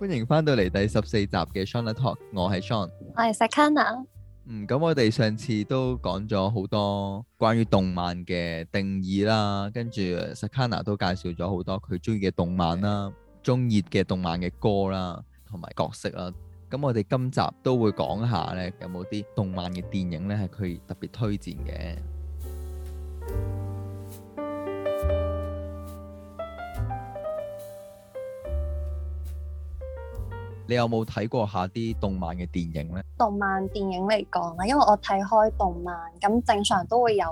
歡迎翻到嚟第十四集嘅 Shawn Talk，我係 Shawn，我係 Sakana。嗯，咁我哋上次都講咗好多關於動漫嘅定義啦，跟住 Sakana 都介紹咗好多佢中意嘅動漫啦，中意嘅動漫嘅歌啦，同埋角色啦。咁我哋今集都會講下咧，有冇啲動漫嘅電影咧係佢特別推薦嘅。你有冇睇過下啲動漫嘅電影呢？動漫電影嚟講咧，因為我睇開動漫，咁正常都會有，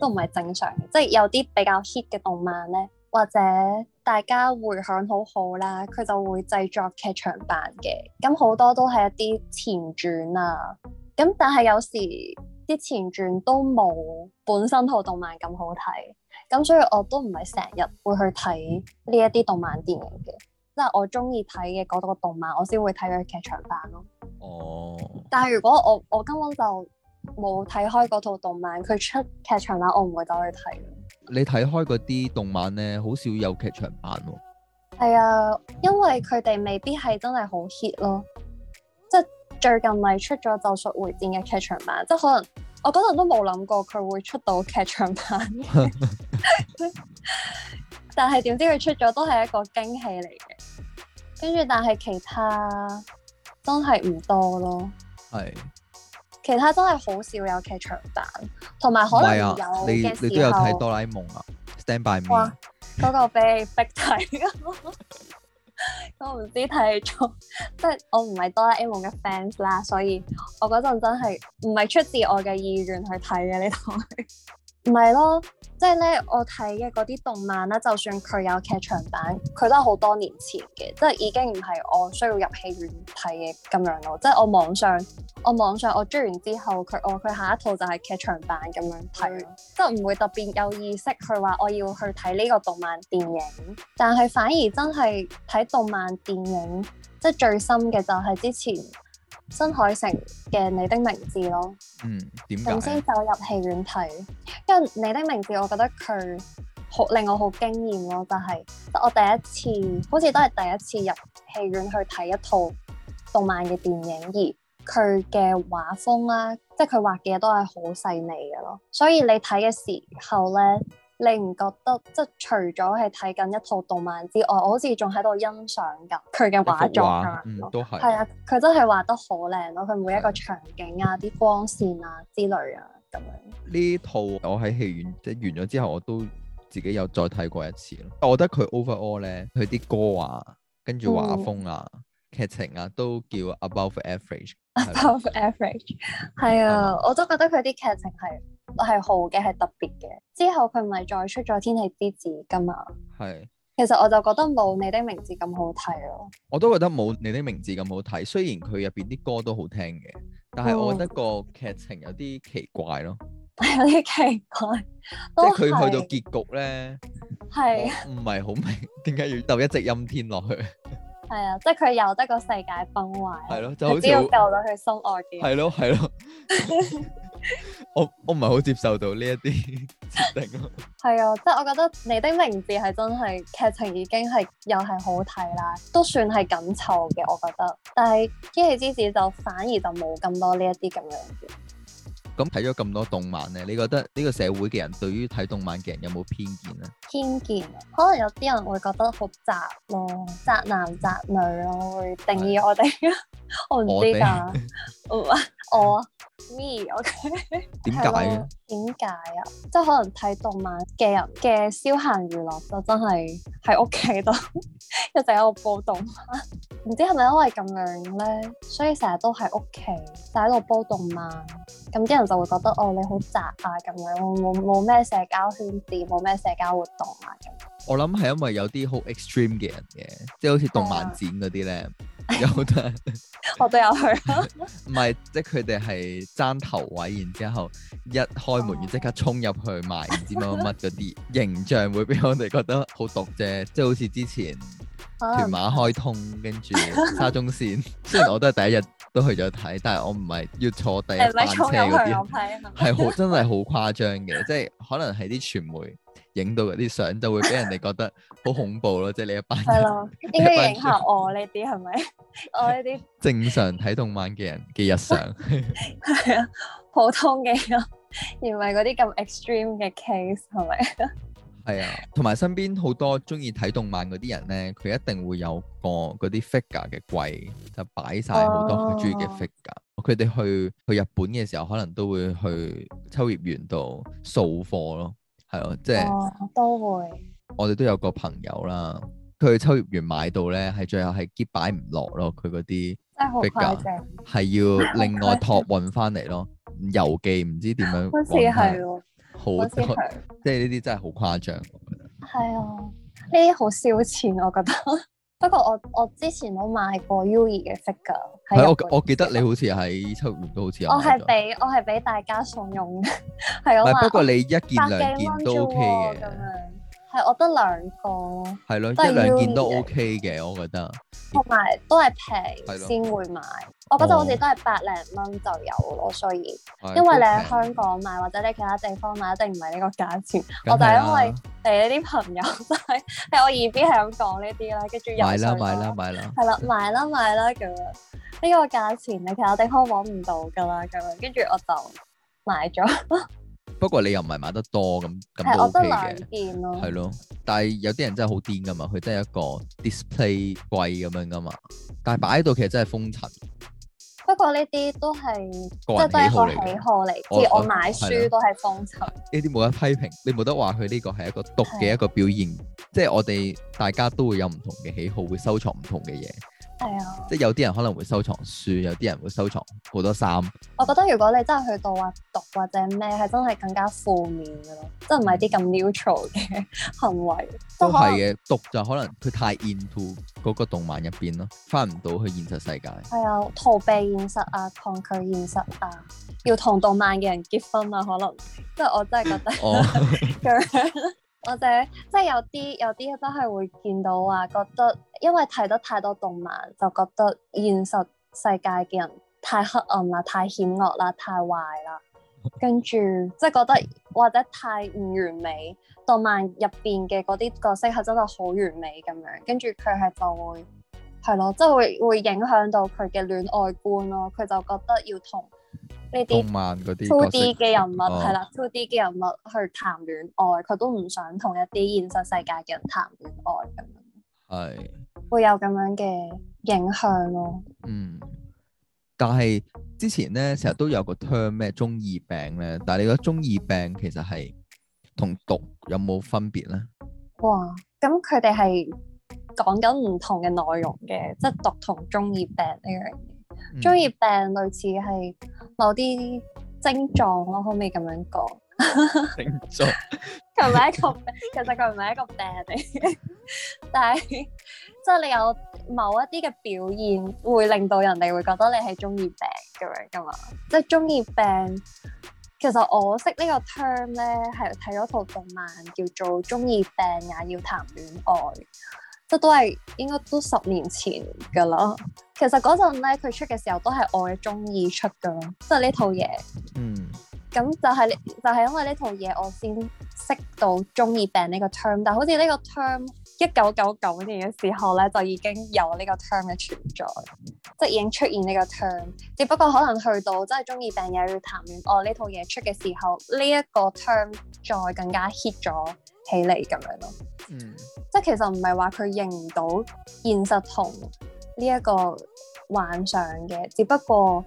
都唔係正常，即係有啲比較 hit 嘅動漫呢，或者大家回響好好啦，佢就會製作劇場版嘅。咁好多都係一啲前傳啊。咁但係有時啲前傳都冇本身套動漫咁好睇。咁所以我都唔係成日會去睇呢一啲動漫電影嘅。即係我中意睇嘅嗰套動漫，我先會睇佢劇場版咯。哦。Oh. 但係如果我我根本就冇睇開嗰套動漫，佢出劇場版，我唔會走去睇。你睇開嗰啲動漫咧，好少有劇場版。係啊，因為佢哋未必係真係好 hit 咯。即係最近咪出咗《咒術回戰》嘅劇場版，即係可能我嗰陣都冇諗過佢會出到劇場版。但係點知佢出咗，都係一個驚喜嚟嘅。跟住，但係其他都係唔多咯。係是其他都係好少有劇場版，同埋可能有、啊、你你都有睇哆啦 A 夢啊，Stand by me。哇！嗰、那個俾你逼睇， 我唔知睇咗，即係我唔係哆啦 A 夢嘅 fans 啦，所以我嗰陣真係唔係出自我嘅意願去睇嘅呢台。唔係咯，即係咧，我睇嘅嗰啲動漫啦，就算佢有劇場版，佢都係好多年前嘅，即係已經唔係我需要入戲院睇嘅咁樣咯。即係我網上，我網上我追完之後，佢哦，佢下一套就係劇場版咁樣睇，即係唔會特別有意識去話我要去睇呢個動漫電影，但係反而真係睇動漫電影，即係最深嘅就係之前。新海誠嘅《你的名字》咯，嗯，點先走入戲院睇，因為《你的名字》我覺得佢好令我好驚艷咯，就係、是、我第一次，好似都係第一次入戲院去睇一套動漫嘅電影，而佢嘅畫風啦、啊，即係佢畫嘅嘢都係好細膩嘅咯，所以你睇嘅時候咧。你唔覺得即係除咗係睇緊一套動漫之外，我好似仲喺度欣賞㗎佢嘅畫作，嗯都係，係啊，佢真係畫得好靚咯！佢每一個場景啊、啲是光線啊之類啊咁樣。呢套我喺戲院即完咗之後，我都自己有再睇過一次，我覺得佢 overall 咧，佢啲歌啊、跟住畫風啊、劇、嗯、情啊，都叫 above average, above average。Above average 係啊，Right. 我都覺得佢啲劇情係。係好嘅，係特別嘅。之後佢唔係再出咗《天氣之子》噶嘛？係是。其實我就覺得冇你的名字咁好睇咯、哦。我都覺得冇你的名字咁好睇，雖然佢入邊啲歌都好聽嘅，但係我覺得個劇情有啲奇怪咯。有啲、嗯、 奇怪。即係佢去到結局咧，係唔係好明點解要斗一直陰天落去？係啊，即係佢由得個世界崩壞。係咯，就好似救到佢心愛嘅人。係咯，係咯。 我我唔係好接受到呢一啲設定咯，係 啊，即係我覺得你的名字係真係劇情已經係又係好睇啦，都算係緊湊嘅，我覺得，但係天氣之子就反而就冇咁多呢一啲咁樣嘅。咁睇咗咁多動漫咧，你覺得呢個社會嘅人對於睇動漫嘅人有冇偏見咧？偏見啊，可能有啲人會覺得好宅咯，宅男宅女咯，會定義我哋。的 我唔知㗎， 我啊，我啊，me，ok，點解？點解啊？即係 可能睇動漫嘅人嘅消閒娛樂就真係喺屋企度， 一直喺度煲動漫。唔 知係咪因為咁樣咧，所以成日都喺屋企就喺度煲動漫。咁啲人就會覺得哦，你好宅啊，咁樣冇冇咩社交圈子，冇咩社交活動啊咁。我諗係因為有啲好 extreme 嘅人嘅，即係好似動漫展嗰啲咧，對啊、 有好很多我都有去。唔係，即係佢哋係爭頭位，然之後一開門要即 刻衝入去買，唔知乜乜嗰啲形象會俾我哋覺得好毒啫，即係好似之前。屯馬開通跟住沙中線， 雖然我都係第一日都去咗睇，但係我唔係要坐第一班車嗰啲，係好 真係好誇張嘅， 即係可能係啲傳媒影到嗰啲相就會俾人哋覺得好恐怖咯， 即係你一班人 一影人我呢啲係咪？我呢啲正常睇動漫嘅人嘅日常係 啊，普通嘅人而唔係嗰啲咁 extreme 嘅 case 係咪？係啊，同埋身邊好多中意睇動漫嗰啲人咧，佢一定會有個嗰啲 figure 嘅櫃，就擺晒好多佢中意嘅 figure。佢哋、啊、去去日本嘅時候，可能都會去秋葉原度掃貨咯，係咯、啊，即係、啊、都會。我哋都有個朋友啦，佢去秋葉原買到咧，係最後係 keep 擺唔落咯，佢嗰啲 figure 係要另外託運翻嚟咯，郵寄唔知點樣。好好，即係呢啲真係好誇張。係啊，呢啲好燒錢，我覺得。 不過我我之前我買過 U 二嘅色噶。係我我記得你好似喺七月都好似有。我係俾我係俾大家送用，係 我不，不過你一件兩件都 OK 嘅，係我得兩個，係咯，兩件兩件都 OK 嘅，我覺得了。同埋都係平先會買。我覺得好似都係百零蚊就有咯，所以、哎、因為你喺香港買或者你其他地方買一定唔係呢個價錢。啊、我就因為誒啲朋友都係，係我二 b 係咁講呢啲啦。跟住又買啦買啦買啦，係啦買啦買啦咁樣。呢、呢個價錢你其實我哋都揾唔到㗎啦，咁樣跟住我就買咗。 不過你又唔係買得多咁，係、OK、我得兩件咯，係咯。但係有啲人真係好癲㗎嘛，佢真係一個 display 櫃咁樣㗎嘛。但係擺喺度其實真係封塵。不過呢啲都係即係都一個人喜好嚟，我買書都係封塵。呢啲冇得批評，你冇得話佢呢個係一個毒嘅一個表現。的即係我哋大家都會有唔同嘅喜好，會收藏唔同嘅嘢。係啊，即係有啲人可能會收藏書，有啲人會收藏好多衫。我覺得如果你真係去到話毒或者咩，係真係更加負面嘅咯，即係唔係啲咁 neutral 嘅行為。都係嘅，毒就可能佢太 into 嗰個動漫入邊咯，返唔到去現實世界。係啊，逃避現實啊，抗拒現實啊，要同動漫嘅人結婚啊，可能即係我真係覺得。 或者即係有啲有啲真係會見到話覺得，因為睇得太多動漫，就覺得現實世界嘅人太黑暗啦、太險惡啦、太壞啦，跟住即係覺得或者太唔完美。動漫入邊嘅嗰啲角色係真係好完美咁樣，跟住佢係就會，係咯，即係會會影響到佢嘅戀愛觀咯。佢就覺得要同。呢啲 2D 嘅人物係、哦、啦，2D 嘅人物去談戀愛，佢都唔想同一啲現實世界嘅人談戀愛咁樣，係的會有咁樣嘅影響咯。嗯，但係之前咧成日都有個 term 咩中二病咧，但係你覺得中二病其實係同毒有冇分別咧？哇！咁佢哋係講緊唔同嘅內容嘅，即、就、係、是、毒同中二病呢樣嘢。中二病類似係某啲症狀咯，可唔可以咁樣講？症狀，佢唔係一個病，其實佢唔係一個病嚟，但係即係你有某一啲嘅表現，會令到人哋會覺得你係中二病咁樣噶嘛？即係中二病，其實我識呢個 term 咧，係睇咗套動漫叫做《中二病也要談戀愛》。即都係應該都十年前噶啦，其實嗰陣咧，佢出嘅時候都係我嘅中意出噶，即係呢套嘢。嗯。咁就係就係因為呢套嘢我先識到中二病呢個 term，但係好似呢個 term 一九九九年嘅時候咧就已經有呢個 term 嘅存在，即係已經出現呢個 term，只不過可能去到真係中二病又要談戀愛，呢套嘢出嘅時候呢一個 term 再更加 hit 咗。起嚟咁樣咯，嗯、即係其實唔係話佢認唔到現實同呢一個幻想嘅，只不過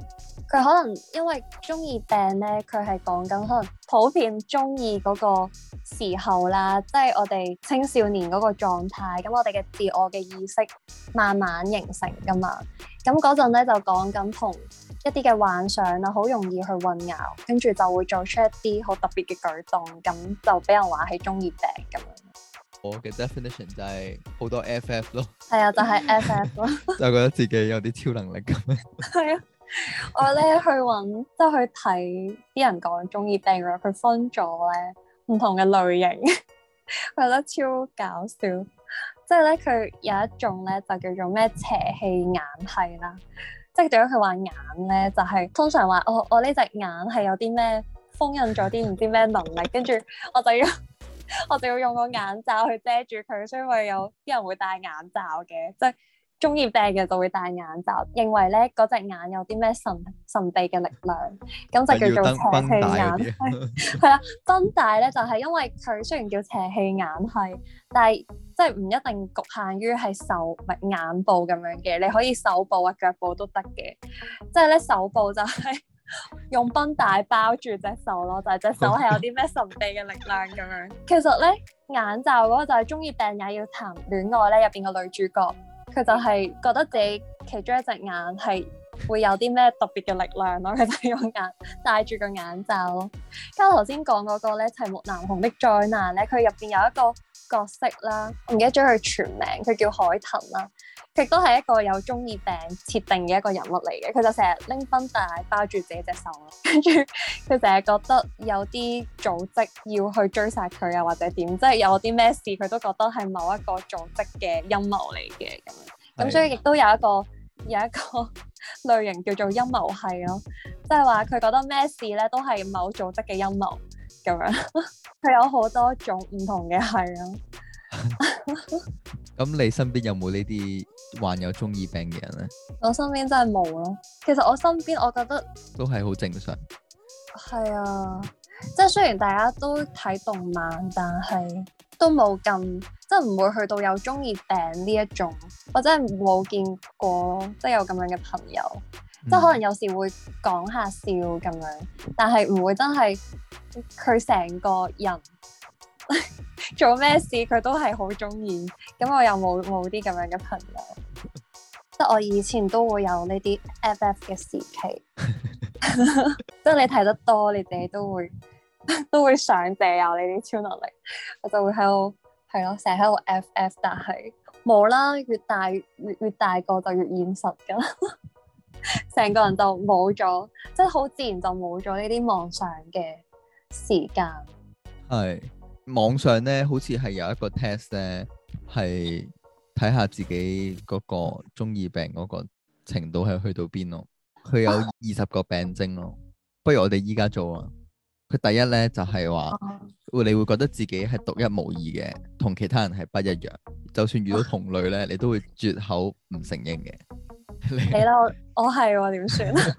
佢可能因為中二病咧，佢係講緊可能普遍中二嗰個時候啦，即係我哋青少年嗰個狀態，咁、嗯、我哋嘅自我嘅意識慢慢形成噶嘛，咁嗰陣咧就講緊同一啲嘅幻想啊，好容易去混淆，跟住就會做出一啲好特別嘅舉動，咁就俾人話係中二病咁樣。我嘅 definition 就係好多 FF 咯，係啊，就係 FF 咯，就覺得自己有啲超能力咁樣。係 啊，我咧 去即都、即係、去睇啲人講中二病佢分咗咧唔同嘅類型，我 覺得超搞笑。即係咧，佢有一種咧就叫做咩邪氣眼系啦。即係點，佢話眼咧？就係通常話，我我呢隻眼係有啲咩封印咗啲唔知咩能力，跟住我就要， 我就要用個眼罩去遮住佢，所以我有啲人會戴眼罩嘅。即係。中二病嘅就會戴眼罩，認為咧嗰隻眼有啲咩神神秘嘅力量，咁就叫做邪氣眼。係啦， 繃帶咧就係、是、因為佢雖然叫邪氣眼係，但係即係唔一定局限於係手咪眼部咁樣嘅，你可以手部啊，腳部都得嘅。即係咧手部就係用繃帶包住隻手咯，就係、是、隻手係有啲咩神秘嘅力量咁樣。 其實咧眼罩嗰個就係中二病也要談戀愛咧入邊嘅女主角。佢就係覺得自己其中一隻眼係會有啲咩特別嘅力量咯、啊，佢就用眼戴住個眼罩咯。咁頭先講嗰個咧，就係《齊木楠雄的災難》咧，佢入邊有一個角色啦，我唔記得咗佢全名，佢叫海藤啦。佢都係一個有中二病設定嘅一個人物嚟嘅，佢就成日拎紛帶包住自己隻手，跟住佢成日覺得有啲組織要去追殺佢啊，或者點，即係有啲咩事佢都覺得係某一個組織嘅陰謀嚟嘅咁，咁所以亦都有一個有一個類型叫做陰謀係咯，即係話佢覺得咩事咧都係某組織嘅陰謀咁樣。佢 有好多種唔同嘅係咯。咁 你身邊有冇呢啲患有中二病嘅人咧？我身邊真係冇咯。其實我身邊我覺得都係好正常。係啊，即係雖然大家都睇動漫，但係都冇咁，即係唔會去到有中二病呢一種，我真係冇見過，即係有咁樣嘅朋友。嗯、即係可能有時會講下笑咁樣，但係唔會真係佢成個人。做咩事佢都係好中意咁，我又冇冇啲咁樣嘅朋友。即係 我以前都會有呢啲 FF 嘅時期，即係 你睇得多，你自己都會都會想借下你啲超能力。I, 我就會喺度，係咯，成日喺度 FF，但係冇啦。越大越大越大個就越現實噶啦，成個人就冇咗，即係好自然就冇咗呢啲妄想嘅時間係。 網上咧，好似係有一個 test 咧，係睇下自己嗰個中二病嗰個程度係去到邊咯。佢有二十個病徵咯，不如我哋依家做啊！佢第一咧就係、是、話，哦、會你會覺得自己係獨一無二嘅，同其他人係不一樣。就算遇到同類咧，哦、你都會絕口唔承認嘅。你啦，我係喎，點算啊？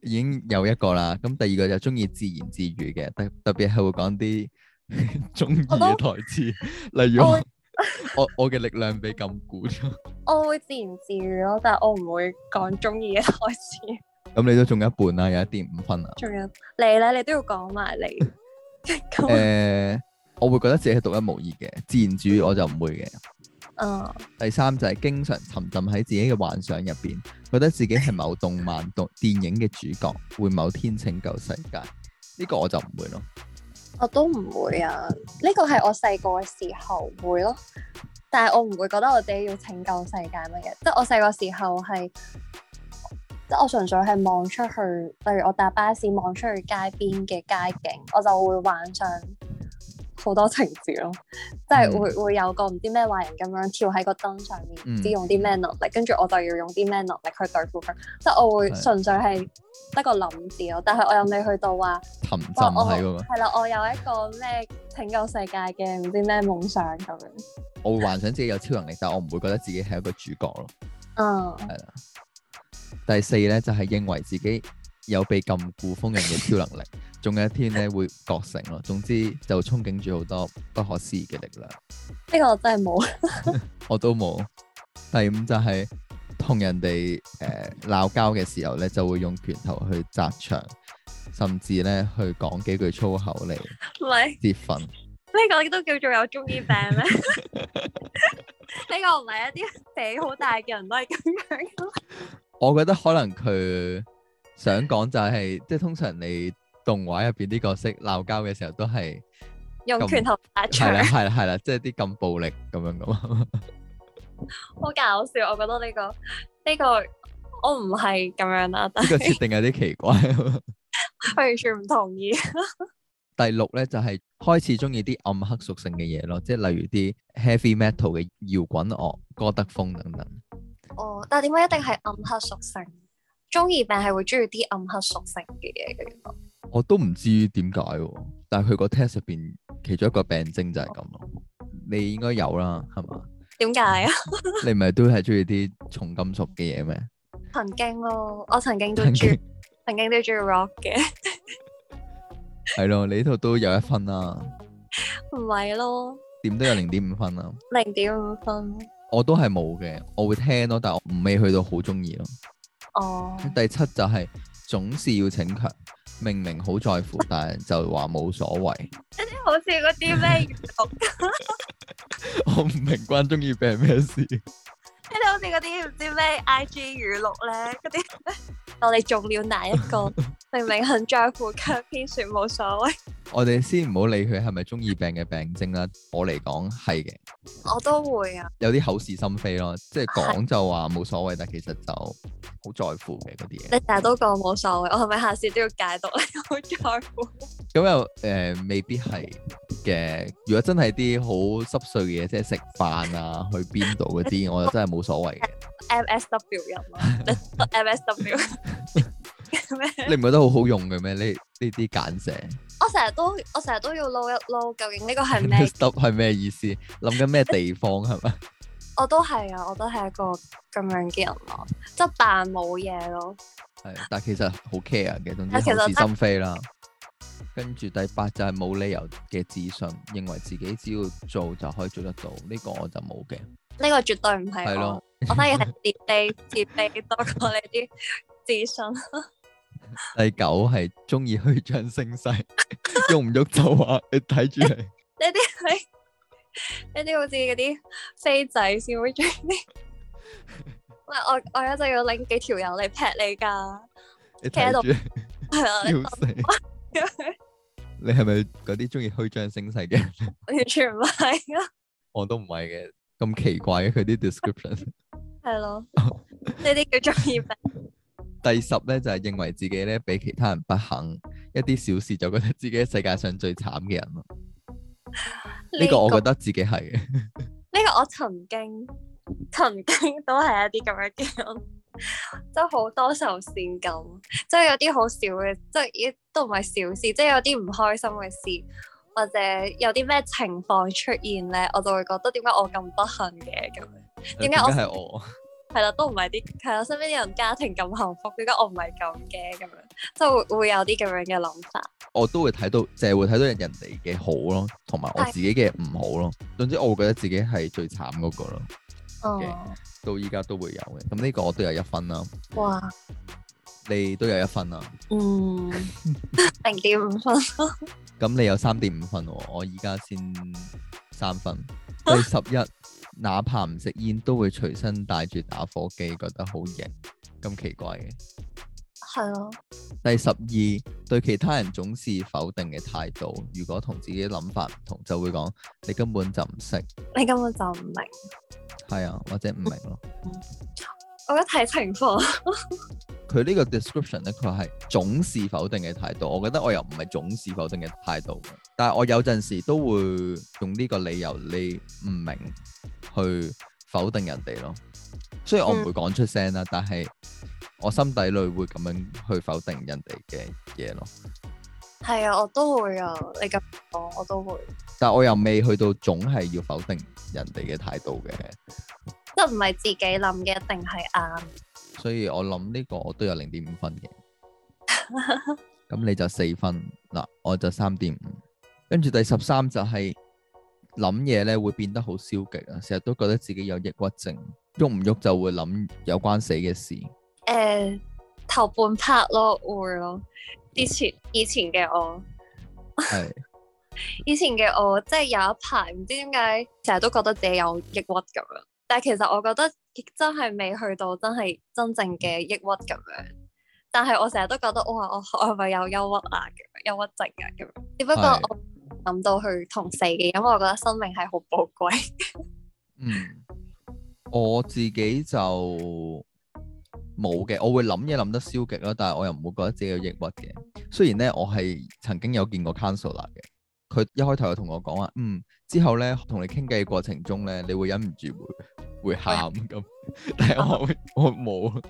已經有一個啦，咁第二個就中意自言自語嘅，特特別係會講啲。中意嘅台詞，的 例如我我嘅力量被禁錮咗。 我會自言自語咯，但係我唔會講中意嘅台詞。咁 你都仲有一半啦，有一點五分啦。仲有你咧，你都要講埋你。誒 、呃，我會覺得自己係獨一無二嘅，自然主義我就唔會嘅。嗯。Uh. 第三就係、是、經常沉浸喺自己嘅幻想入邊，覺得自己係某動漫、動 電影嘅主角，會某天拯救世界。呢、這個我就唔會咯。我都唔會啊，呢個係我細個嘅時候會咯，但係我唔會覺得我自己要拯救世界乜嘢，即係我細個時候係，即係我純粹係望出去，例如我搭巴士望出去街邊嘅街景，我就會幻想。好多情節咯， 即係會、嗯、會有個唔知咩壞人咁樣跳喺個燈上面，唔知、嗯、用啲咩能力，跟住我就要用啲咩能力去對付佢。即係我會純粹係得個諗字咯，的但係我又未去到話沉浸喺嗰、那個。係啦，我有一個咩拯救世界嘅唔知咩夢想咁樣。我會幻想自己有超能力， 但係我唔會覺得自己係一個主角咯。嗯，係啦。第四咧就係、是、認為自己。有被禁錮封印嘅超能力，仲有一天咧會覺醒咯。總之就憧憬住好多不可思議嘅力量。呢個我真係冇， 我都冇。第五就係、是、同人哋誒鬧交嘅時候咧，就會用拳頭去砸牆，甚至咧去講幾句粗口嚟，跌粉。呢、這個都叫做有中二病咩？呢 個唔係一啲脾好大嘅人都係咁樣 我覺得可能佢。想講就係、是，即係通常你動畫入邊啲角色鬧交嘅時候都，都係用拳頭打場，係啦係啦，即係啲咁暴力咁樣咁。 好搞笑，我覺得呢、這個呢、這個我唔係咁樣啦，呢個設定有啲奇怪。完 全唔同意。 第六咧就係、是、開始中意啲暗黑屬性嘅嘢咯，即係例如啲 heavy metal 嘅搖滾樂、哥德風等等。哦，但係點解一定係暗黑屬性？中二病係會中意啲暗黑屬性嘅嘢嘅，我都唔知點解，啊，但係佢個 test 入面其中一個病徵就係咁咯。哦、你應該有啦，係嘛？點解啊？ 你唔係都係中意啲重金屬嘅嘢咩？曾經咯，我曾經都中，曾經，曾經都中意 rock 嘅。係 咯，你呢度都有一分啦。唔係 咯？點都有零點五分啊？零點五分。我都係冇嘅，我會聽咯，但係我唔未去到好中意咯。哦，第七就係、是、總是要逞強，明明好在乎，但就話冇所謂。一啲好似啲咩語錄，我唔明關中二病咩事？一啲好似嗰啲唔知咩 IG 語錄咧，嗰啲 我哋中了哪一個？明明很在乎，卻偏說冇所謂。我哋先唔好理佢係咪中二病嘅病徵啦。我嚟講係嘅，我都會啊。有啲口是心非咯，即係講就話冇所謂，但其實就好在乎嘅嗰啲嘢。你成日都講冇所謂，我係咪下次都要解讀你好在乎？咁又誒、呃，未必係嘅。如果真係啲好濕碎嘅嘢，即係食飯啊，去邊度嗰啲， 我就真係冇所謂嘅。M S W 人啦，M S W。啊、 你唔覺得好好用嘅咩？呢呢啲簡寫。我成日都我成日都要撈一撈，究竟呢個係咩？篤係咩意思？諗緊咩地方係咪？ 我都係啊，我都係一個咁樣嘅人咯， 即扮冇嘢咯。係， 但其實好 care 嘅，總之口是心非啦。 跟住第八就係冇理由嘅自信，認為自己只要做就可以做得到。呢、這個我就冇嘅。呢個絕對唔係，係咯， 我反而係自卑自卑多過呢啲自信。 第九係中意虛張聲勢，喐唔喐就話你睇住你，呢啲係呢啲好似嗰啲飛仔先會鍾意？我我一陣要拎幾條友嚟劈你噶，企喺度係啊，要死！你係咪嗰啲中意虛張聲勢嘅？完全唔係啊！我都唔係嘅，咁奇怪嘅佢啲 description 係咯，呢啲叫中意咩。第十咧就係、是、認為自己咧比其他人不幸，一啲小事就覺得自己世界上最慘嘅人咯。呢、這個、個我覺得自己係嘅。呢個我曾經曾經都係一啲咁樣嘅，即係好多愁善感，即、就、係、是、有啲好少嘅，即係亦都唔係小事，即、就、係、是、有啲唔開心嘅事或者有啲咩情況出現咧，我就會覺得點解我咁不幸嘅咁？點解我,係我？ 係啦，都唔係啲，係啦，身邊啲人家庭咁幸福，點解我唔係咁嘅？咁樣，即係會，會有啲咁樣嘅諗法。我都會睇到，淨係會睇到人哋嘅好咯，同埋我自己嘅唔好咯。總之，我會覺得自己係最慘嗰個咯。哦，oh. 到依家都會有嘅。咁呢個我都有一分啦。哇，你都有一分啦。嗯，零點五分 。咁你有三點五分，我依家先三分，第十一。 哪怕唔食煙，都會隨身帶住打火機，覺得好型，咁奇怪嘅。係囉的。第十二，對其他人總是否定嘅態度，如果同自己諗法唔同，就會講你根本就唔識，你根本就唔明。係啊，或者唔明咯。 我一睇情況。 佢呢個 description 咧，佢係總是否定嘅態度。我覺得我又唔係總是否定嘅態度，但係我有陣時都會用呢個理由，你唔明去否定人哋咯。雖然我唔會講出聲啦，但係我心底裏會咁樣去否定人哋嘅嘢咯。係啊，我都會啊！你咁講，我都會。但係我又未去到總係要否定人哋嘅態度嘅，即係唔係自己諗嘅一定係啱。所以我諗呢個我都有零點五分嘅，咁 你就四分啦，我就三點五，跟住，第十三就係諗嘢咧會變得好消極啊，成日都覺得自己有抑鬱症，喐唔喐就會諗有關死嘅事。誒，uh, 頭半 part 咯，會咯，以前以前嘅我係，以前嘅我， 是以前嘅我即係有一排唔知點解成日都覺得自己有抑鬱咁樣。但係其實我覺得亦真係未去到真係真正嘅抑鬱咁樣，但係我成日都覺得，哇，我係咪有憂鬱啊？咁樣，憂鬱症啊？咁樣，只不過我諗到去同死嘅，因為我覺得生命係好寶貴。嗯，我自己就冇嘅，我會諗嘢諗得消極啦，但係我又唔會覺得自己有抑鬱嘅。雖然咧，我係曾經有見過 counselor 嘅。佢一開頭就同我講話，嗯，之後咧同你傾偈嘅過程中咧，你會忍唔住會會喊咁，喂 但係我我冇，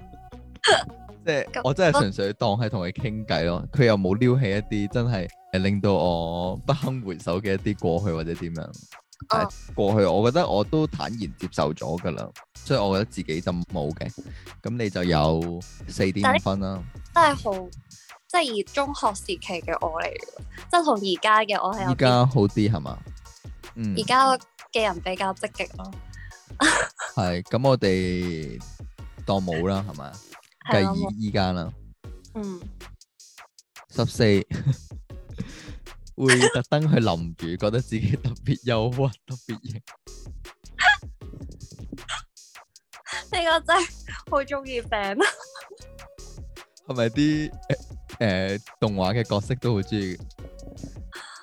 即係我真係純粹當係同佢傾偈咯。佢、啊、又冇撩起一啲真係誒令到我不堪回首嘅一啲過去或者點樣，啊、過去我覺得我都坦然接受咗㗎啦，所以我覺得自己就冇嘅。咁你就有四點五分啦，真係好。即係而中學時期嘅我嚟，即係同而家嘅我係有。而家好啲係嘛？嗯。而家嘅人比較積極咯。係， 咁我哋當冇啦，係嘛？繼而而家啦。計嗯。十四會特登去淋雨， 覺得自己特別憂鬱，特別型。呢個 真係好中二病啊 是是！係咪啲？誒，動畫嘅角色都好中意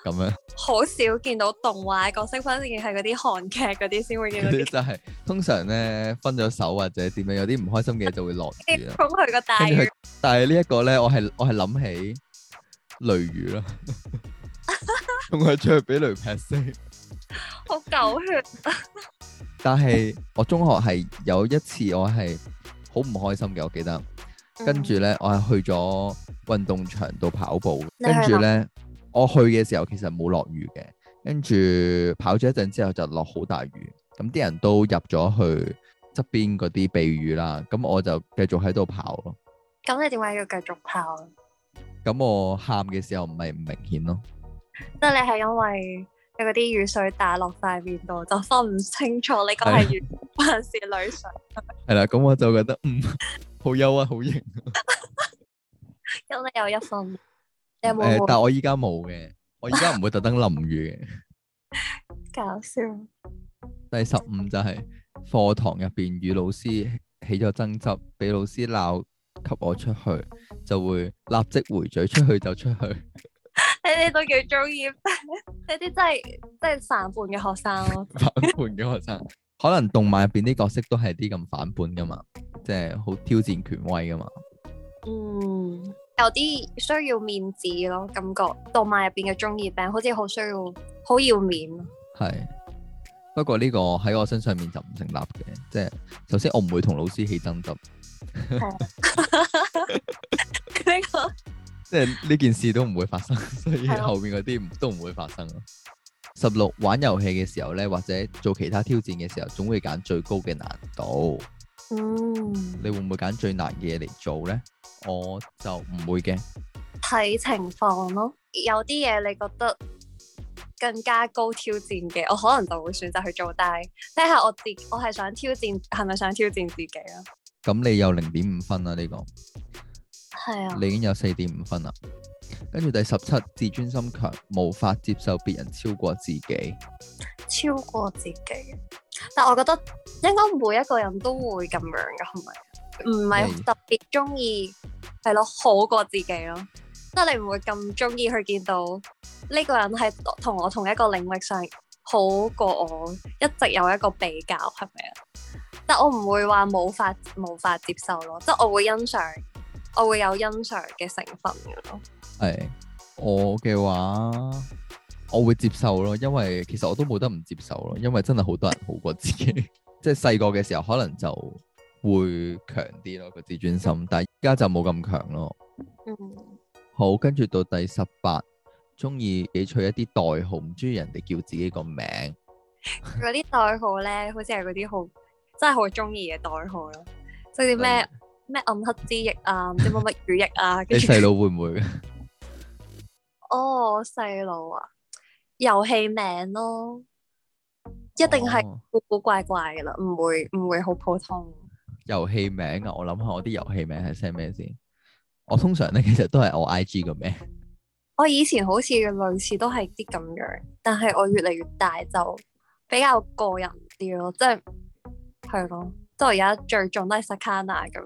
咁樣，好少見到動畫角色分手嘅，係嗰啲韓劇嗰啲先會見到。就係，通常咧分咗手或者點樣有啲唔開心嘅嘢，就會落雨啊，衝去個大雨。但係呢一個咧，我係我係諗起雷雨啦，仲係出去俾雷劈死，好狗血。但係我中學係有一次我係好唔開心嘅，我記得，跟住咧我係去咗。運動場度跑步，跟住咧，我去嘅時候其實冇落雨嘅，跟住跑咗一陣之後就落好大雨，咁、嗯、啲人都入咗去側邊嗰啲避雨啦，咁、嗯嗯、我就繼續喺度跑咯。咁你點解要繼續跑？咁、嗯、我喊嘅時候唔係唔明顯咯，即係你係因為有嗰啲雨水打落塊面度，就分唔清楚你個係雨還是淚水。係啦，咁我就覺得嗯， 好憂鬱啊，好型。 有一份，你有冇、呃、但係我依家冇嘅，我依家唔會特登淋雨嘅。 搞笑。第十五就係課堂入邊與老師起咗爭執，俾老師鬧，給我出去，就會立即回嘴， 出去就出去。你哋都幾中意呢啲真係真係反叛嘅學生咯、啊。 反叛嘅學生， 可能動漫入邊啲角色都係啲咁反叛噶嘛，即係好挑戰權威噶嘛。嗯。有啲需要面子咯，感覺動漫入邊嘅中二病好似好需要，好要面。係，不過呢個喺我身上面就唔成立嘅，即係首先我唔會同老師起爭執。呢個即係呢件事都唔會發生，所以後面嗰啲都唔會發生。十六，玩遊戲嘅時候咧，或者做其他挑戰嘅時候，總會揀最高嘅難度。嗯，你會唔會揀最難嘅嘢嚟做咧？我就唔會嘅。睇情況咯。有啲嘢，你覺得更加高挑戰嘅，我可能就會選擇去做。但係，呢係我自我係想挑戰，係咪想挑戰自己啊？咁你有零點五分啊？呢個係啊，你已經有四點五分啦。跟住第十七，自尊心強，無法接受別人超過自己，超過自己。但我覺得應該每一個人都會咁樣㗎，係咪？唔係特別中意係咯，好過自己咯，即係你唔會咁中意去見到呢個人係同我同一個領域上好過我，一直有一個比較係咪啊？但我唔會話冇法冇法接受咯，即係我會欣賞，我會有欣賞嘅成分嘅咯。係我嘅話我會接受咯，因為其實我都冇得唔接受咯，因為真係好多人好過自己，即係細個嘅時候可能就。會強啲咯個自尊心，但係而家就冇咁強咯。嗯，好，跟住到第十八，中意取一啲代號，唔中意人哋叫自己個名。嗰啲代號咧，好似係嗰啲好真係好中意嘅代號咯，即係啲咩咩暗黑之翼啊，唔知乜乜語翼啊。 后你細佬會唔會？哦，細佬啊，遊戲名咯，哦、一定係古古怪怪噶啦，唔會唔會好普通。遊戲名啊，我諗下我啲遊戲名係寫咩先？我通常咧其實都係我 I G 個名。我以前好似類似都係啲咁樣，但係我越嚟越大就比較個人啲咯，即係係咯，即係而家最重都係 Sakana 咁。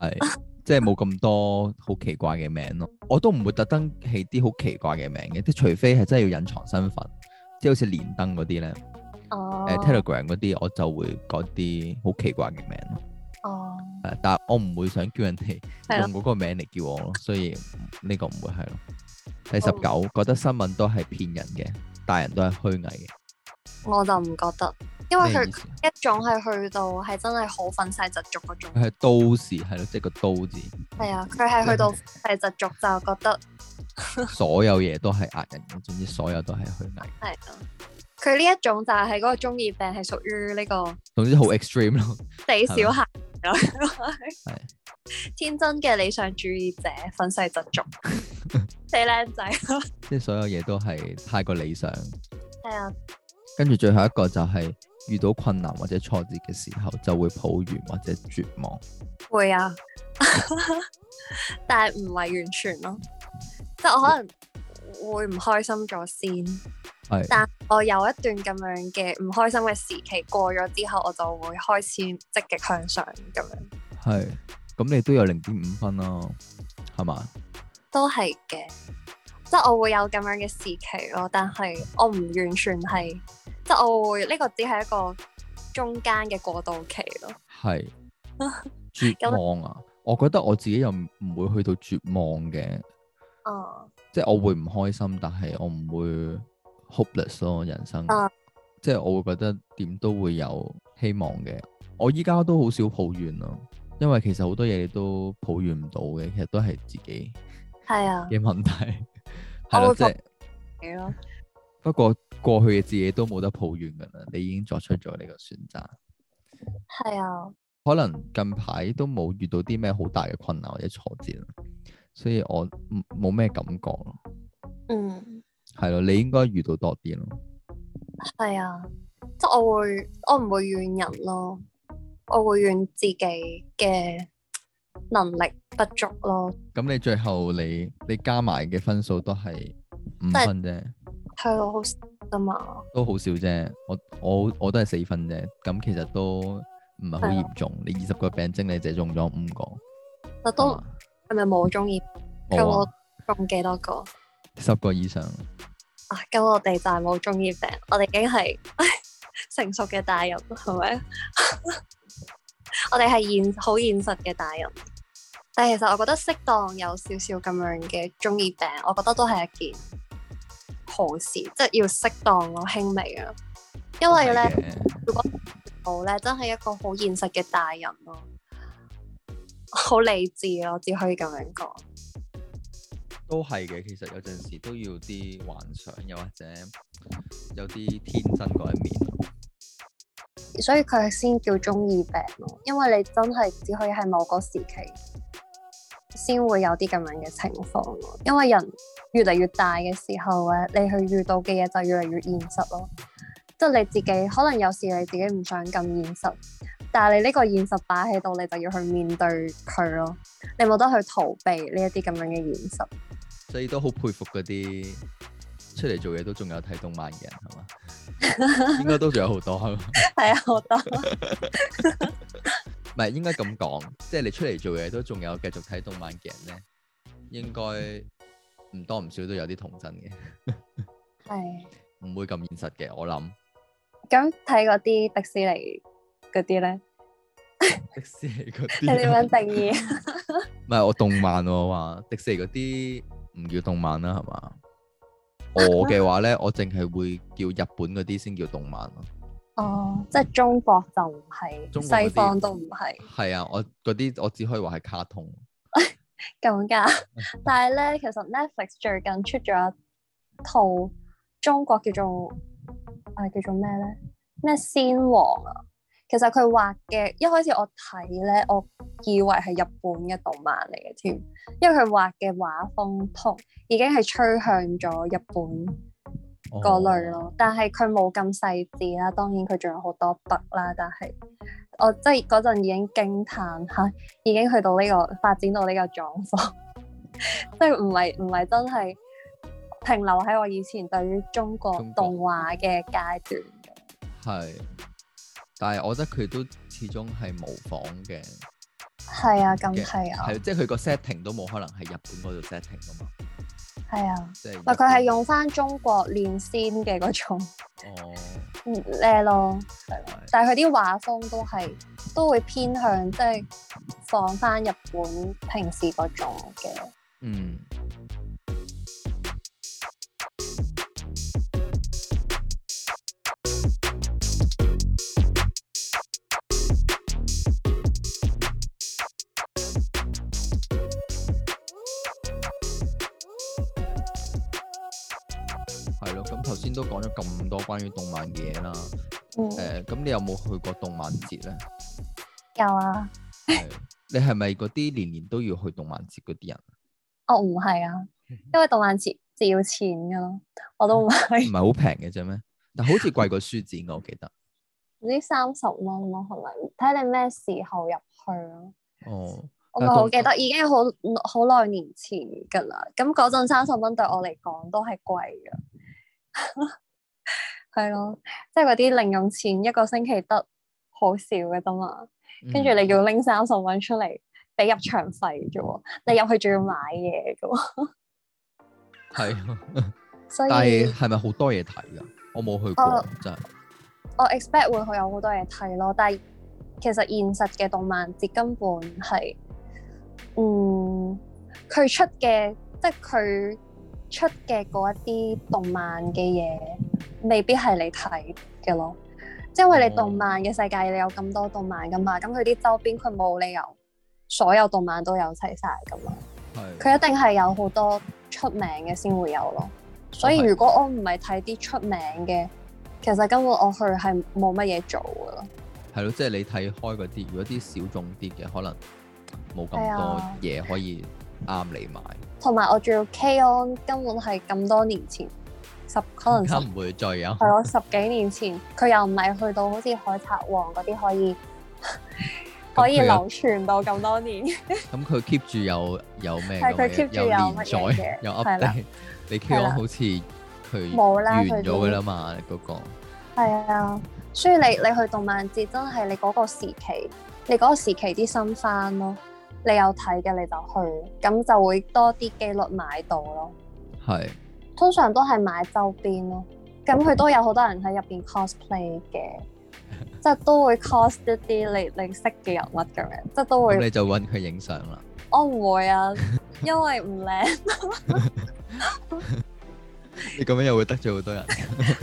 係，即係冇咁多好奇怪嘅名咯。 我都唔會特登起啲好奇怪嘅名嘅，即係除非係真係要隱藏身份，即係好似連登嗰啲咧，誒、oh. 呃、Telegram 嗰啲我就會嗰啲好奇怪嘅名。但係我唔會想叫人哋用嗰個名嚟叫我咯。 所以呢個唔會係咯。第十九 覺得新聞都係騙人嘅，大人都係虛偽嘅。我就唔覺得，因為佢一種係去到係真係好憤世嫉俗嗰種。佢係刀士係咯，即係、就是、個刀字。係啊，佢係去到憤世嫉俗，就覺得 所有嘢都係呃人嘅，總之所有都係虛偽。係佢呢一種就係嗰個中二病屬於、這個，係屬於呢個總之好 extreme 咯， 死小孩。 係 天真嘅理想主義者，憤世嫉俗，死靚仔，即係所有嘢都係太過理想。係啊，跟住最後一個就係遇到困難或者挫折嘅時候，就會抱怨或者絕望。 會啊， 但係唔係完全咯、啊，即係我可能會唔開心咗先。但我有一段咁樣嘅唔開心嘅時期過咗之後，我就會開始積極向上咁樣。係，咁你有都有零點五分啦，係嘛？都係嘅，即係我會有咁樣嘅時期咯，但係我唔完全係，即係我會呢、這個只係一個中間嘅過渡期咯。係，絕望啊！ 那我覺得我自己又唔會去到絕望嘅，哦、uh，即係我會唔開心，但係我唔會。hopeless 咯，人生，ah. 即係我會覺得點都會有希望嘅。我依家都好少抱怨咯，因為其實好多嘢你都抱怨唔到嘅。其實都係自己係啊嘅問題，係咯即係，咯。'll 不過過去嘅自己都冇得抱怨噶啦，你已經作出咗呢個選擇，係啊。可能近排都冇遇到啲咩好大嘅困難或者挫折，所以我冇咩感覺咯。嗯。Mm. 係咯，你應該遇到多啲咯。係啊，即係我會，我唔會怨人咯，我會怨自己嘅能力不足咯。咁你最後你你加埋嘅分數都係五分啫，係咯，好少啊嘛，都好少啫，我我我都係四分啫，咁其實都唔係好嚴重。啊、你二十個病徵，你就中咗五個，我都，係咪冇中意？即我中幾多個？十個以上啊！咁我哋大冇中二病，我哋已經係 成熟嘅大人，係咪？ 我哋係現好現實嘅大人，但係其實我覺得適當有少少咁樣嘅中二病，我覺得都係一件好事，即係要適當咯，輕微啊，因為咧，的如果我咧真係一個好現實嘅大人咯，好理智咯，我只可以咁樣講。都係嘅，其實有陣時都要啲幻想，又或者有啲天真嗰一面。所以佢先叫中二病咯，因為你真係只可以喺某個時期先會有啲咁樣嘅情況咯。因為人越嚟越大嘅時候咧，你去遇到嘅嘢就越嚟越現實咯。即係你自己可能有時你自己唔想咁現實，但係你呢個現實擺喺度，你就要去面對佢咯。你冇得去逃避呢一啲咁樣嘅現實。所以都好佩服嗰啲出嚟做嘢都仲有睇動漫嘅人，係嘛 應該都仲有好多。係啊，好多。唔係，應該咁講，即係你出嚟做嘢都仲有繼續睇動漫嘅人咧，應該唔多唔少都有啲童真嘅。係 是。唔會咁現實嘅，我諗。咁睇嗰啲迪士尼嗰啲咧？ 啊、迪士尼嗰啲？你點樣定義？唔係，我動漫喎，我話迪士尼嗰啲。唔叫動漫啦，係嘛？我嘅話咧，啊、我淨係會叫日本嗰啲先叫動漫咯。哦，即係中國就唔係，中西方都唔係。係啊，我嗰啲我只可以話係卡通。咁噶 的？ 但係咧，其實 Netflix 最近出咗一套中國叫做誒、啊、叫做咩咧？咩先王啊？其實佢畫嘅一開始我睇咧，我以為係日本嘅動漫嚟嘅添，因為佢畫嘅畫風同已經係吹向咗日本嗰類咯。哦、但係佢冇咁細緻啦，當然佢仲有好多筆啦。但係我即係嗰陣已經驚嘆吓，已經去到呢、這個發展到呢個狀況，即係唔係唔係真係停留喺我以前對於中國動畫嘅階段。係。但係我覺得佢都始終係模仿嘅，係啊，梗係啊，係即係佢個 setting 都冇可能係日本嗰度 setting 噶嘛，係啊，咪佢係用翻中國煉仙嘅嗰種，哦，叻、嗯、咯，係的，的但係佢啲畫風都係都會偏向即係、就是、放翻日本平時嗰種嘅，嗯。都講咗咁多關於動漫嘅嘢啦，誒、嗯，咁、欸、你有冇去過動漫節咧？有啊、欸。你係咪嗰啲年年都要去動漫節嗰啲人啊？我唔係啊，因為動漫節就要錢噶咯，我都唔係。唔係好平嘅啫咩？但好似貴過書展我記得，唔 知三十蚊咯，係咪？睇你咩時候入去咯。哦，我好記得漫已經好好耐年前㗎啦。咁嗰陣三十蚊對我嚟講都係貴㗎。係咯，即係嗰啲零用錢一個星期得好少嘅啫嘛，跟住、嗯、你要拎三十蚊出嚟俾入場費啫，嗯、你入去仲要買嘢嘅，係。所以，但係係咪好多嘢睇噶？我冇去過我真係的。我 expect 會去，有好多嘢睇咯，但係其實現實嘅動漫節根本係，嗯，佢出嘅即係佢。出嘅嗰一啲動漫嘅嘢，未必係你睇嘅咯。即係因為你動漫嘅世界，你有咁多動漫噶嘛，咁佢啲周邊佢冇理由所有動漫都有齊晒噶嘛。係。佢一定係有好多出名嘅先會有咯。所以如果我唔係睇啲出名嘅，其實根本我去係冇乜嘢做噶咯。係咯，即係你睇開嗰啲，如果啲小眾啲嘅，可能冇咁多嘢可以啱你買。同埋我仲要 K on 根本係咁多年前，十可能唔會再有。 十幾年前，佢又唔係去到好似海賊王嗰啲可以 可以流傳到咁多年。咁 佢、嗯、keep 住有有咩嘅？有連載，有 update 你 K on 好似佢冇啦，完咗啦嘛？嗰、那個係啊，所以你你去動漫節真係你嗰個時期，你嗰個時期啲新番咯。你有睇嘅你就去，咁就會多啲機率買到咯。係是，通常都係買周邊咯。咁佢都有好多人喺入邊 cosplay 嘅，即係都會 cos 一啲你你識嘅人物咁樣，即係都會。你就搵佢影相啦。我唔會啊，因為唔靚。 你咁樣又會得罪好多人。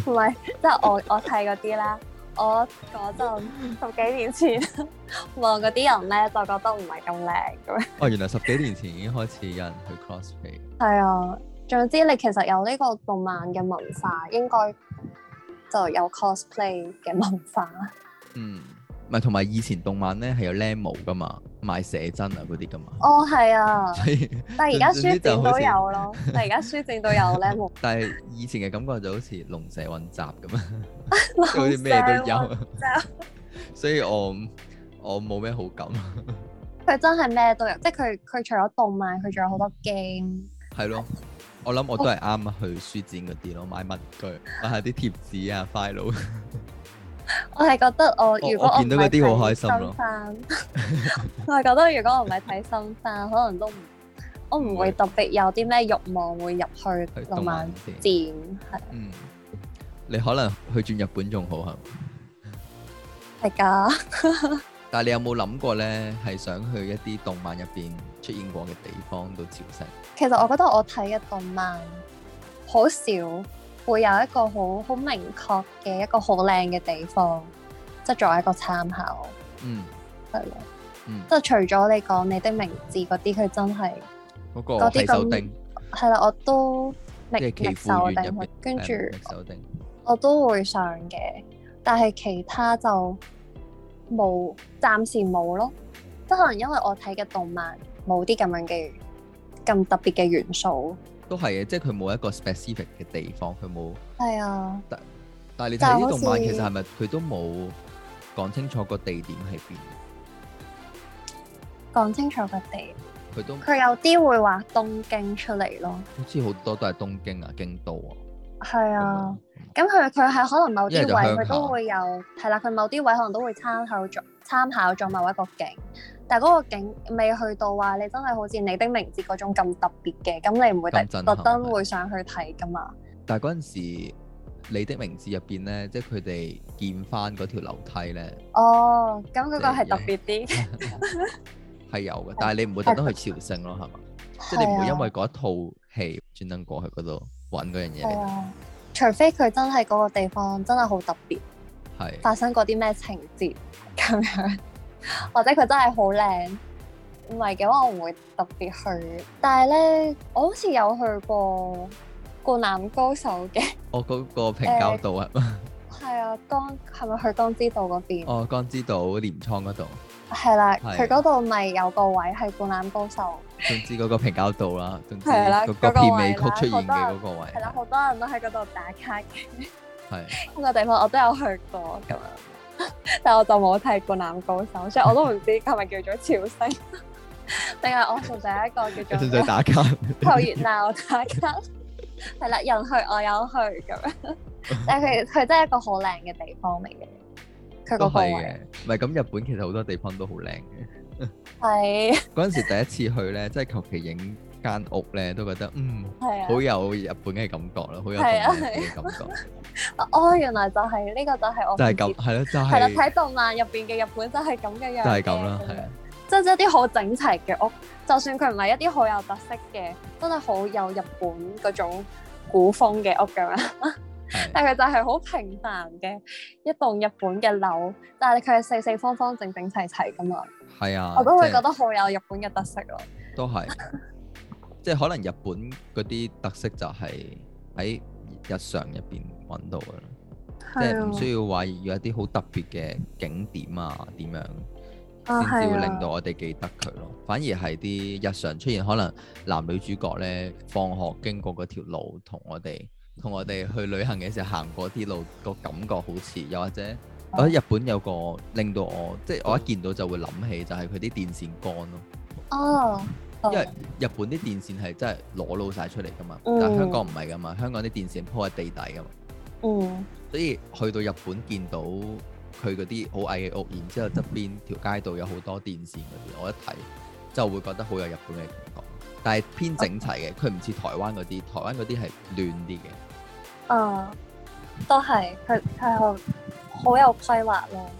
唔 係，即係我我睇嗰啲啦。我嗰陣 十幾年前望嗰啲人咧，就覺得唔係咁靚咁哦，原來十幾年前已經開始有人去 cosplay。係啊，總之你其實有呢個動漫嘅文化，應該就有 cosplay 嘅文化。嗯，咪同埋以前動漫咧係有靚模噶嘛。買寫真啊嗰啲㗎嘛，哦係啊，所以但係而家書展都有咯， 但係而家書展都有咧 但係以前嘅感覺就好似龍蛇混雜咁樣， 好似咩 都有，所以我我冇咩好感。佢真係咩都有，即係佢佢除咗動漫，佢仲有好多 game。係咯， 我諗我都係啱去書展嗰啲咯，買文具，買下啲貼紙啊，file。我係覺得我如果、oh，我見到嗰啲好開心咯， 我係覺得如果我唔係睇新番， 可能都我唔會特別有啲咩欲望會入去動漫展係。的嗯，你可能去轉日本仲好係。係噶，但係你有冇諗過咧？係想去一啲動漫入邊出現過嘅地方度朝聖？其實我覺得我睇嘅動漫好少。會有一個好好明確嘅一個好靚嘅地方，即係作為一個參考。嗯，係咯的，嗯，即係除咗你講你的名字嗰啲，佢真係嗰啲咁係啦，我都力力秀定跟住，我都會上嘅，但係其他就冇，暫時冇咯。即係可能因為我睇嘅動漫冇啲咁樣嘅咁特別嘅元素。都係嘅，即係佢冇一個 specific 嘅地方，佢冇。係啊。但但你睇呢啲動漫，其實係咪佢都冇講清楚個地點喺邊？講清楚個地。佢都。佢有啲會話東京出嚟咯。好似好多都係東京啊，京都啊。係啊。嗯咁佢佢係可能某啲位佢都會有係啦，佢某啲位可能都會參考咗參考咗某一個景，但係嗰個景未去到話你真係好似你的名字嗰種咁特別嘅，咁你唔會特登會上去睇噶嘛。但係嗰陣時，你的名字入邊呢，即係佢哋見翻嗰條樓梯呢，哦，咁嗰個係特別啲，係有嘅。但係你唔會特登去朝聖咯，係嘛？即係 don 對你唔會因為嗰一套戲專登過去嗰度揾嗰樣嘢。除非佢真係嗰個地方真係好特別，係是發生過啲咩情節咁樣，或者佢真係好靚，唔係嘅話我唔會特別去。但係咧，我好似有去過灌籃高手嘅，我嗰、哦那個平交道啊，係、哦、啊，江係咪去江之島嗰邊？哦，江之島鎌倉嗰度，係啦，佢嗰度咪有個位係灌籃高手。總之嗰個平交道啦，總之嗰個片尾曲出現嘅嗰個位，係啦，好多人都喺嗰度打卡嘅，係呢個地方我都有去過咁樣，但係我就冇睇過灌籃高手，所以我都唔知係咪叫做朝聖，定係我做第一個叫做？純粹打卡，湊熱鬧打卡，係啦，人去我有去咁樣，但係佢佢真係一個好靚嘅地方嚟嘅，佢個位唔係咁日本，其實好多地方都好靚嘅。係嗰陣時第一次去咧，即係求其影間屋咧，都覺得嗯，係好、啊、有日本嘅感覺咯，好有動漫嘅感覺。哦，原來就係、是、呢、這個就係我就、啊，就係咁係咯，就係睇動漫入邊嘅日本就係咁嘅樣，就係咁啦，係啊，即係、啊、一啲好整齊嘅屋，就算佢唔係一啲好有特色嘅，真係好有日本嗰種古風嘅屋咁樣。 啊、但係佢就係好平凡嘅一棟日本嘅樓，但係佢係四四方方，整整齊齊噶嘛。係啊，我都會覺得好，就係，有日本嘅特色咯。都係是， 即係可能日本嗰啲特色就係喺日常入邊揾到噶啦即係唔需要話要一啲好特別嘅景點啊，點樣先至令到我哋記得佢咯。啊啊、反而係啲日常出現，可能男女主角咧放學經過嗰條路，同我哋。同我哋去旅行嘅時候行過啲路，個感覺好似又或者，嗯、我喺日本有個令到我，即係我一見到就會諗起，就係佢啲電線杆咯。哦、嗯，因為日本啲電線係真係裸露晒出嚟噶嘛，嗯、但香港唔係噶嘛，香港啲電線鋪喺地底噶嘛。嗯。所以去到日本見到佢嗰啲好矮嘅屋，然之後側邊條街道有好多電線嗰啲，嗯、我一睇就會覺得好有日本嘅感覺，但係偏整齊嘅，佢唔似台灣嗰啲，台灣嗰啲係亂啲嘅。嗯，uh, 都係佢，太好，好有規劃咯。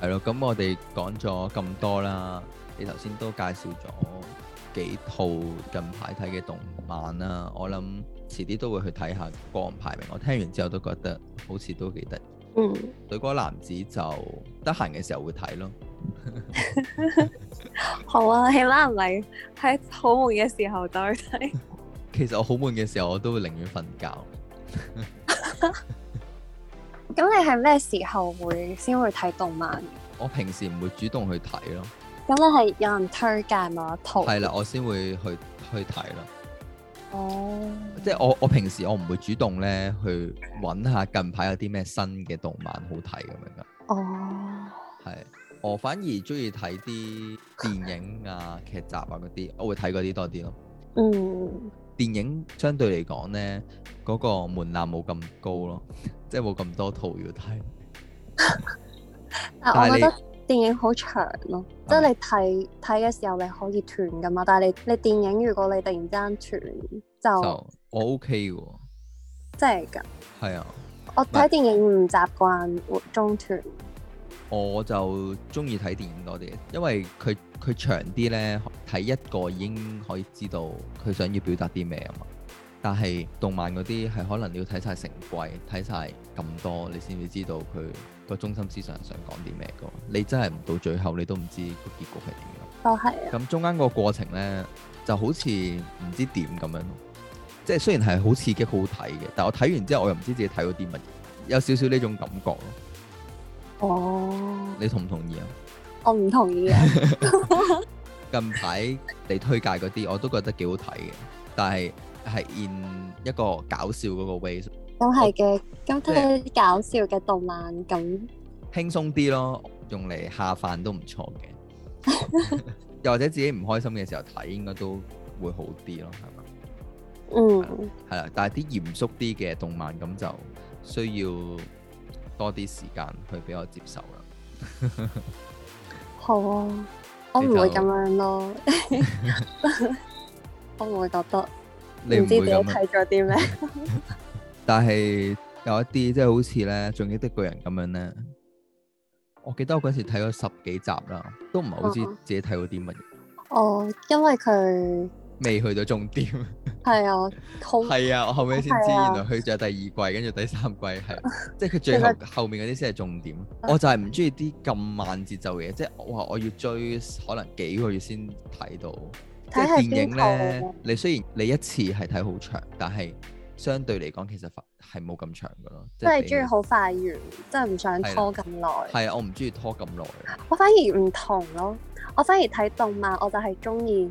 係咯，咁我哋講咗咁多啦，你頭先都介紹咗幾套近排睇嘅動漫啦、啊，我諗遲啲都會去睇下國王排名，我聽完之後都覺得好似都幾得。嗯，mm. 對嗰個男子，就得閒嘅時候會睇咯。 好啊，起碼唔係喺好悶嘅時候再睇。 其實我好悶嘅時候，我都會寧願瞓覺。咁 你係咩時候會先會睇動漫？我平時唔會主動去睇咯。咁你係有人推介某一套？係啦，我先會去去睇咯。哦、oh.，即係我我平時我唔會主動咧去搵下近排有啲咩新嘅動漫好睇咁樣噶。哦、oh.，係我反而中意睇啲電影啊、劇集啊嗰啲，我會睇嗰啲多啲咯。嗯。Mm. 電影相對嚟講咧，嗰、嗰個門檻冇咁高咯，即係冇咁多套要睇。 但我覺得電影好長咯，即係你睇睇嘅時候你可以斷噶嘛，但係你你電影如果你突然間斷就 so, 我 OK 嘅、哦，真係噶，係啊，我睇電影唔習慣中斷。我就中意睇電影多啲，因為佢佢長啲呢，睇一個已經可以知道佢想要表達啲咩啊嘛。但係動漫嗰啲係可能你要睇晒成季，睇晒咁多，你先至知道佢個中心思想想講啲咩噶你真係唔到最後，你都唔知個結局係點樣。哦，係。咁中間個過程呢，就好似唔知點咁樣，即係雖然係好刺激，好睇嘅，但我睇完之後，我又唔知自己睇到啲乜，有少少呢種感覺咯哦，oh, 你同唔同意啊？我唔同意啊。 近排你推介嗰啲，我都覺得幾好睇嘅，但係係 in 一個搞笑嗰個 way 都。都係嘅，咁睇搞笑嘅動漫咁輕鬆啲咯，用嚟下飯都唔錯嘅。又 或者自己唔開心嘅時候睇，應該都會好啲咯，係嘛？嗯、mm.，係啦，但係啲嚴肅啲嘅動漫咁就需要。多啲時間去俾我接受啦 。好啊，我唔會咁樣咯 我唔會覺得你唔知你睇咗啲咩。但係有一啲即係好似咧《進擊的巨人》咁樣咧，我記得我嗰時睇咗十幾集啦，都唔係好知自己睇到啲乜嘢。哦，因為佢，未去到重點，係啊，係啊，我後尾先知原來去咗第二季，跟住第三季係，即係佢最後後面嗰啲先係重點。我就係唔中意啲咁慢節奏嘅嘢，即係我話我要追可能幾個月先睇到。即係電影咧，你雖然你一次係睇好長，但係相對嚟講其實係冇咁長㗎咯。即係中意好快完，即係唔想拖咁耐。係啊，我唔中意拖咁耐。我反而唔同咯，我反而睇動漫我就係中意。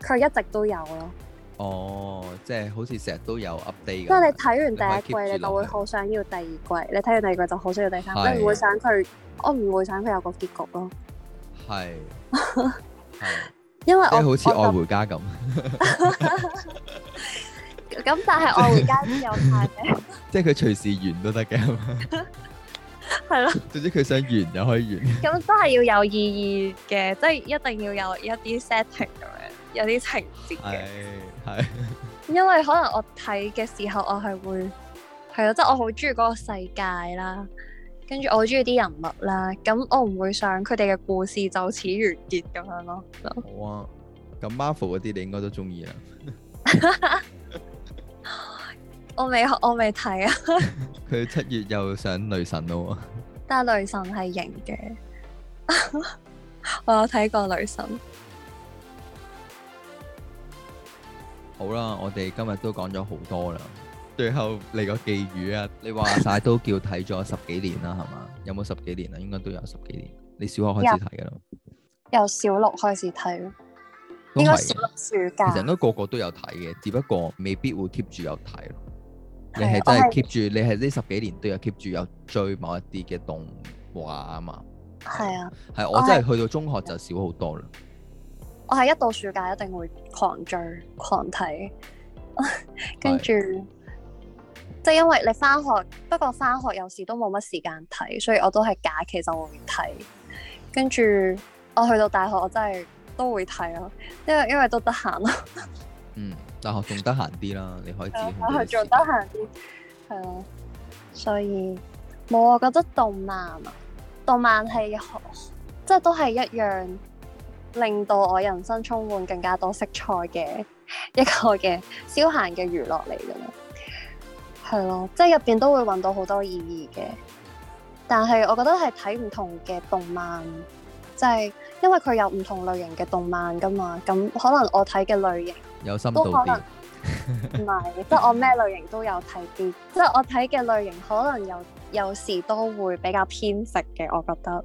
佢一直都有咯，哦，即係好似成日都有 update 嘅。即係你睇完第一季，你，你就會好想要第二季。你睇完第二季，就好想要第三季的。我唔會想佢，我唔會想佢有個結局咯。係的，係， 因為即好似《愛回家》咁。咁但係《愛回家》有派嘅，即係佢隨時完都得嘅，係咯 的。 總之佢想完就可以完。咁 都係要有意義嘅，即係一定要有一啲 setting。有啲情節嘅，係因為可能我睇嘅時候我會，就是，我係會係咯，即係我好中意嗰個世界啦，跟住我好中意啲人物啦，咁我唔會想佢哋嘅故事就此完結咁樣咯。好啊，咁 Marvel 嗰啲你應該都中意啊。我未我未睇啊。佢 七月又上雷神咯。 但係雷神係型嘅， 我有睇過雷神。好啦，我哋今日都講咗好多啦。最後嚟個寄語啊，你話晒都叫睇咗十幾年啦，係嘛？ 有冇十幾年啊？應該都有十幾年。你小學開始睇㗎啦？由小六開始睇咯。都係。其實都應該個個都有睇嘅，只不過未必會 keep 住有睇咯。是你係真係 keep 住，是你係呢十幾年都有 keep 住有追某一啲嘅動畫啊嘛。係是、嗯、啊。係我真係去到中學就少好多啦。我係一到暑假一定會狂追狂睇， 跟住著，是即係因為你翻學，不過翻學有時都冇乜時間睇，所以我都係假期就會睇。 跟住我去到大學，我真係都會睇咯，因為因為都得閒咯。 嗯，大學仲得閒啲啦，你可以自你。我係做得閒啲，係啊、 嗯，所以冇啊，我覺得動漫啊，動漫係即係都係一樣。令到我人生充滿更加多色彩嘅一個嘅消閒嘅娛樂嚟嘅，係咯，即係入邊都會揾到好多意義嘅。但係我覺得係睇唔同嘅動漫，即係因為佢有唔同類型嘅動漫噶嘛。咁可能我睇嘅類型都可能有深度啲，唔 係， 即係我咩類型都有睇啲。 即係我睇嘅類型，可能有有時都會比較偏食嘅。我覺得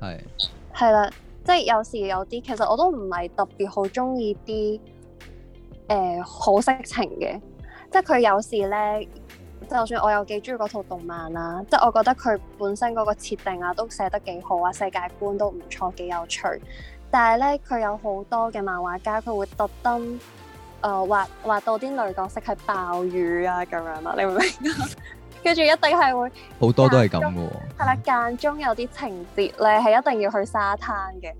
係係啦。是即係有時有啲，其實我都唔係特別好中意啲，誒、呃、好色情嘅。即係佢有時咧，就算我有幾中意嗰套動漫啊，即係我覺得佢本身嗰個設定啊都寫得幾好啊，世界觀都唔錯，幾有趣。但係咧，佢有好多嘅漫畫家，佢會特登，誒、呃、畫畫到啲女角色係爆乳啊咁樣啦，啊，你明唔明啊？ 跟住一定係會好多都係咁嘅喎，係啦間中有啲情節咧係一定要去沙灘嘅，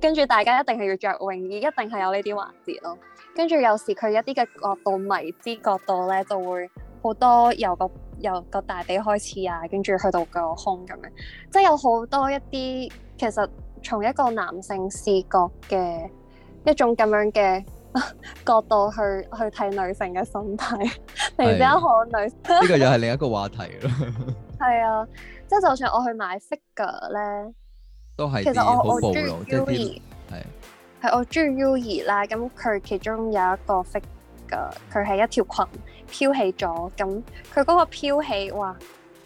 跟住大家一定係要着泳衣，一定係有呢啲環節咯。跟住有時佢一啲嘅角度、迷之角度咧就會好多由個由個大髀開始啊，跟住去到個胸咁樣，即係有好多一啲其實從一個男性視角嘅一種咁樣嘅。 角度去去睇女性嘅心態，突然之間看女，呢 個又係另一個話題咯。係啊，即係就算我去買 figure 咧，都係其實我我中意 U 二係係我中意 U 二啦。咁佢、嗯嗯、其中有一個 figure，佢係一條裙飄起咗，咁佢嗰個飄起，哇！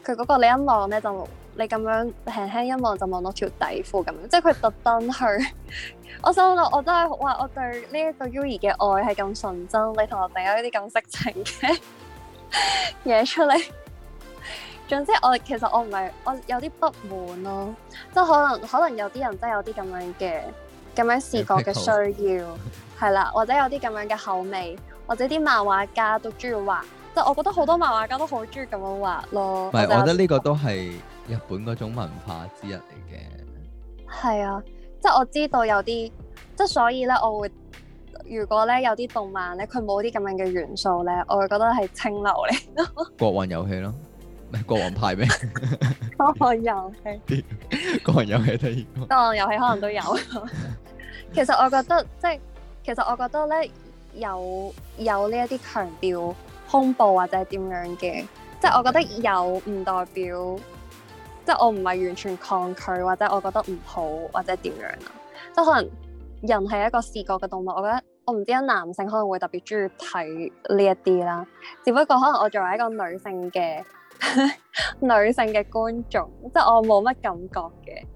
佢嗰個你恩諾咧就。你咁樣輕輕一望就望到條底褲咁樣，即係佢特登去。 我心諗，我真係哇！我對呢一個 U 兒嘅愛係咁純真。你同我哋有咗啲咁色情嘅嘢出嚟。 總之我，我其實我唔係我有啲不滿咯。即係可能可能有啲人真係有啲咁樣嘅咁樣視覺嘅需要，係啦，或者有啲咁樣嘅口味，或者啲漫畫家都中意畫。即係我覺得好多漫畫家都好中意咁樣畫咯。唔係，我覺得呢個都係日本嗰種文化之一嚟嘅。係啊，即係我知道有啲，即係所以咧，我會如果咧有啲動漫咧，佢冇啲咁樣嘅元素咧，我會覺得係清流嚟咯。國王遊戲咯，唔係 國王派咩？ 國王遊戲，國王遊戲第二個。國王遊戲可能都有。 其實我覺得，即係其實我覺得咧有有呢一啲強調。恐怖或者點樣嘅，即係我覺得有唔代表，即係我唔係完全抗拒或者我覺得唔好或者點樣啦。即係可能人係一個視覺嘅動物，我覺得我唔知，男性可能會特別中意睇呢一啲啦。只不過可能我作為一個女性嘅 女性嘅觀眾，即係我冇乜感覺嘅。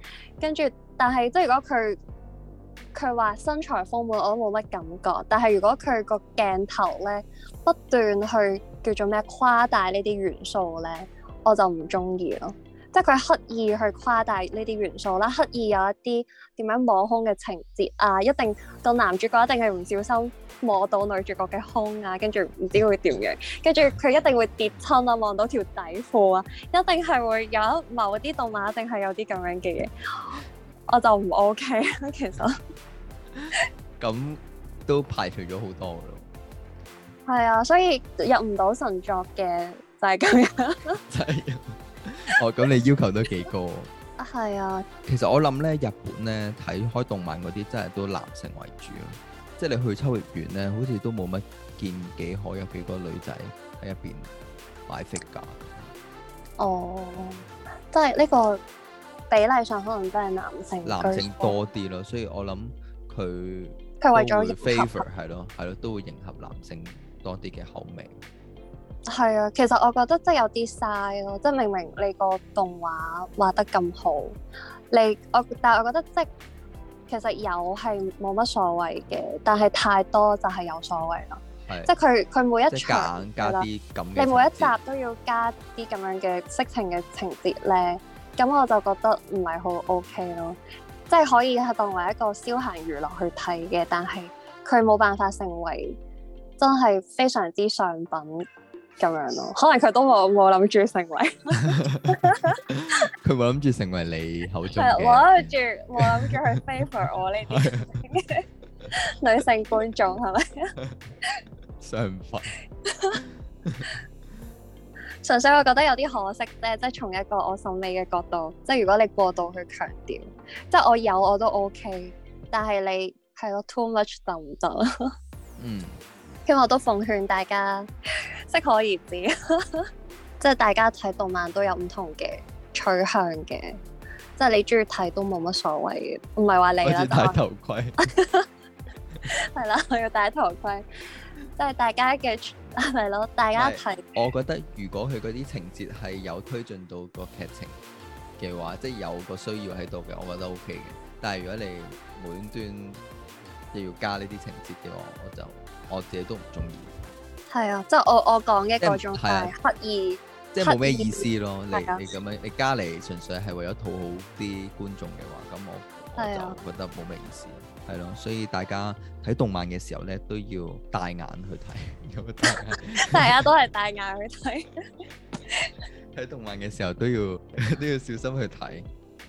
跟住，但係即係如果佢。佢話身材豐滿我都冇乜感覺，但係如果佢個鏡頭咧不斷去叫做咩誇大呢啲元素咧，我就唔中意咯。即係佢刻意去誇大呢啲元素啦，刻意有一啲點樣摸胸嘅情節啊，一定個男主角一定係唔小心摸到女主角嘅胸啊，跟住唔知會點樣，跟住佢一定會跌親啊，望到條底褲啊，一定係會有某啲動漫，一定係有啲咁樣嘅嘢。我就唔 OK 啊，其實。咁 都排除咗好多咯。係啊，所以入唔到神作嘅就係、係、咁樣。係。 哦，咁你要求都幾高。啊，係啊。其實我諗咧，日本咧睇開動漫嗰啲真係都男性為主咯。即係你去秋葉原咧，好似都冇乜見幾可有幾個女仔喺一邊擺 figure。哦，即係呢個。比例上可能都係男性男性多啲咯，所以我諗佢佢為咗迎合係咯係咯，都會迎合男性多啲嘅口味。係啊，其實我覺得即係有啲嘥咯，即係明明你個動畫畫得咁好，你我但係我覺得即係其實有係冇乜所謂嘅，但係太多就係有所謂咯。係的即係佢佢每一場係啦，硬硬你每一集都要加啲咁樣嘅色情嘅情節咧。咁我就覺得唔係好 OK 咯，即係可以係當為一個消閒娛樂去睇嘅，但係佢冇辦法成為真係非常之上品咁樣咯。可能佢都冇冇諗住成為，佢冇諗住成為你口中。 係，冇諗住，冇諗住去 favor 我呢啲 女性觀眾係咪？上品。 相分 純粹我覺得有啲可惜咧，即係從一個我審美嘅角度，即係如果你過度去強調，即係我有我都 OK，但係你係咯 too much 就唔得啦。嗯，希望我都奉勸大家適可而止， 即係大家睇動漫都有唔同嘅取向嘅，即係你中意睇都冇乜所謂嘅，唔係話你啦。戴頭盔係啦， 我要戴頭盔，即係大家嘅。係咯？大家睇，我覺得如果佢嗰啲情節係有推進到個劇情嘅話，即係有個需要喺度嘅，我覺得 OK 嘅。但係如果你無端端又要加呢啲情節嘅話，我就我自己都唔中意。係啊，即係我我講嘅嗰種係刻意，即係冇咩意思咯。你你咁樣你加嚟，純粹係為咗討好啲觀眾嘅話，咁我。係啊，我覺得冇咩意思，係咯，所以大家睇動漫嘅時候咧都要大眼去睇， 大家都係大眼去睇，睇 動漫嘅時候都要都要小心去睇，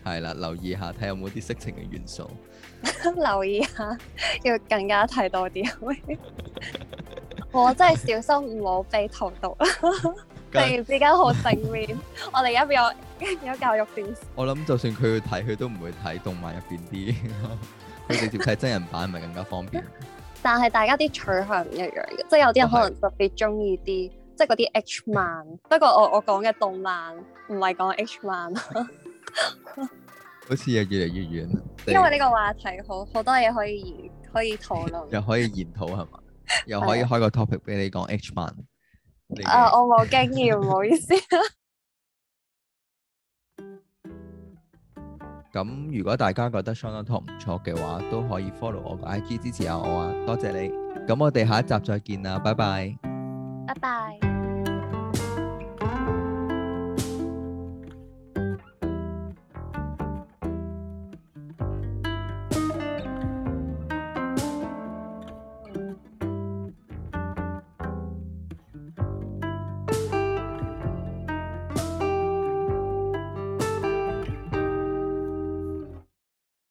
係啦，留意下睇有冇啲色情嘅元素， 留意下，要更加睇多啲， 我真係小心唔好被荼毒。突然之間好正面， 我哋而家邊有有教育電視，我諗就算佢去睇，佢都唔會睇動漫入邊啲，佢 直接睇真人版咪更加方便。 但係大家啲取向唔一樣嘅，即係有啲人可能特別中意啲，即係嗰啲 H 漫， 漫。不過我我講嘅動漫唔係講 H 漫 好似又越嚟越遠。 因為呢個話題好好，好多嘢可以可以討論， 又可以研討係嘛？又可以開個 topic 俾你講 H 漫。啊，我冇經驗，唔好意思。咁如果大家覺得相當唔錯嘅話，都可以 follow 我個 IG 支持下我啊，多謝你。咁我哋下一集再見啦，拜拜。拜拜。